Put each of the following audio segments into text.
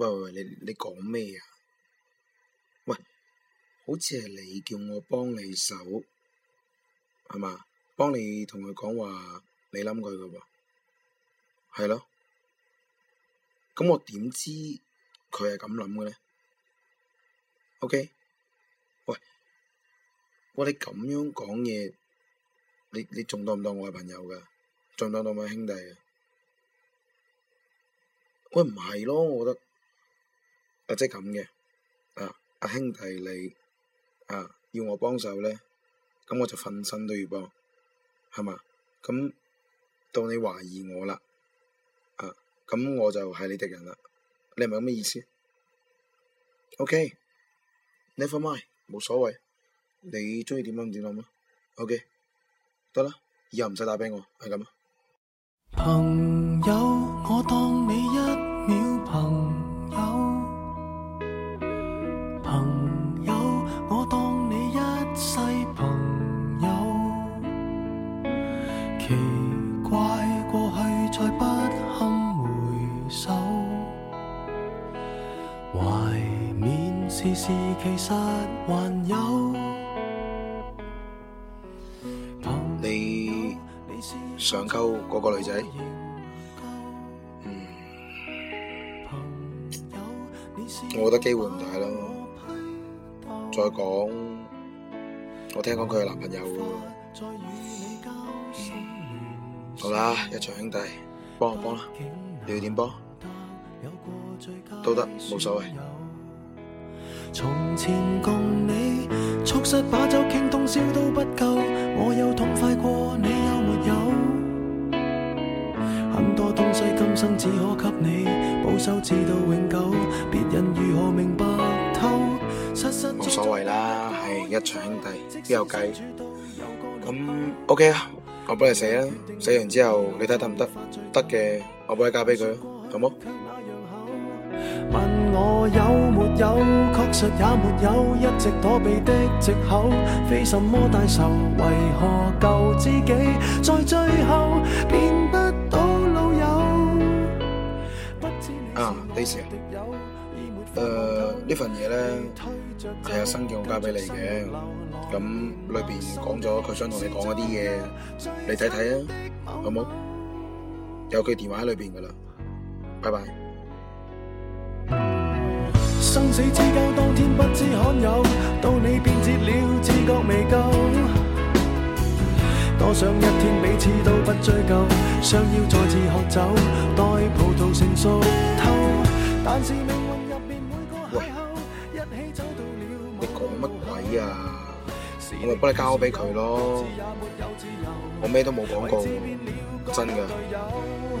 喂喂喂，你你講咩啊？喂，好似係你叫我幫你手，係嘛？幫你同佢講話，你諗佢噶喎，係咯？咁我點知佢係咁諗嘅咧？OK，喂，喂，你咁樣講嘢，你你仲當唔當我係朋友噶？仲當當我係兄弟噶？喂，唔係咯，我覺得。啊，即係咁嘅，啊，阿兄弟你，啊，要我幫手咧，咁我就瞓身都要幫，係嘛？咁到你懷疑我啦，啊，咁我就係你敵人啦，你係咪咁咩意思？OK，Never mind，冇所謂，你中意點諗點諗啦，OK，得啦，以後唔使打俾我，係咁啊。嗯懷緬時事，其實還有。你、嗯，你，想溝嗰個女仔、嗯，我覺得機會唔大咯。再講，我聽講佢有男朋友。好啦，一場兄弟，幫我幫啦，你要點幫？都得，冇所謂。無所謂啦，係一場兄弟，都有計。咁 OK 啊，我幫你寫啦，寫完之後你睇得唔得？得嘅，我幫你交俾佢。咁好。啊，Daisy，誒，呢份嘢咧係阿生叫我交俾你嘅，咁裏邊講咗佢想同你講一啲嘢，你睇睇啊，好冇？有佢電話喺裏邊噶啦。拜拜。生死之交，當天不知罕有，到你變節了，至覺未夠。多想一天彼此都不追究，相邀再次喝酒，待葡萄成熟透。喂，你講乜鬼啊？我咪幫你交俾佢咯，我咩都冇講過，真㗎。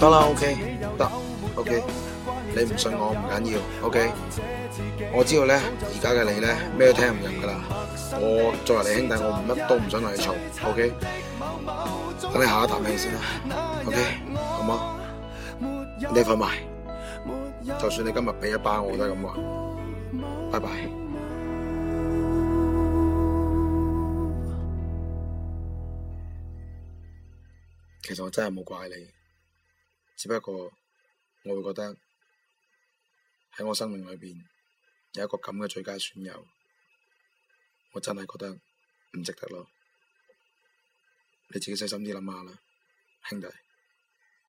得啦，OK，得，OK，你唔信我唔緊要，OK。我知道咧，而家嘅你咧咩都聽唔入噶啦。我作為你兄弟，我唔乜都唔想同你嘈，OK。等你下一啖氣先啦，OK，好嘛？你瞓埋，就算你今日俾一巴，我都係咁話。拜拜。其實我真係冇怪你，只不過我會覺得喺我生命裏邊有一個咁嘅最佳損友，我真係覺得唔值得咯。你自己細心啲諗下啦，兄弟。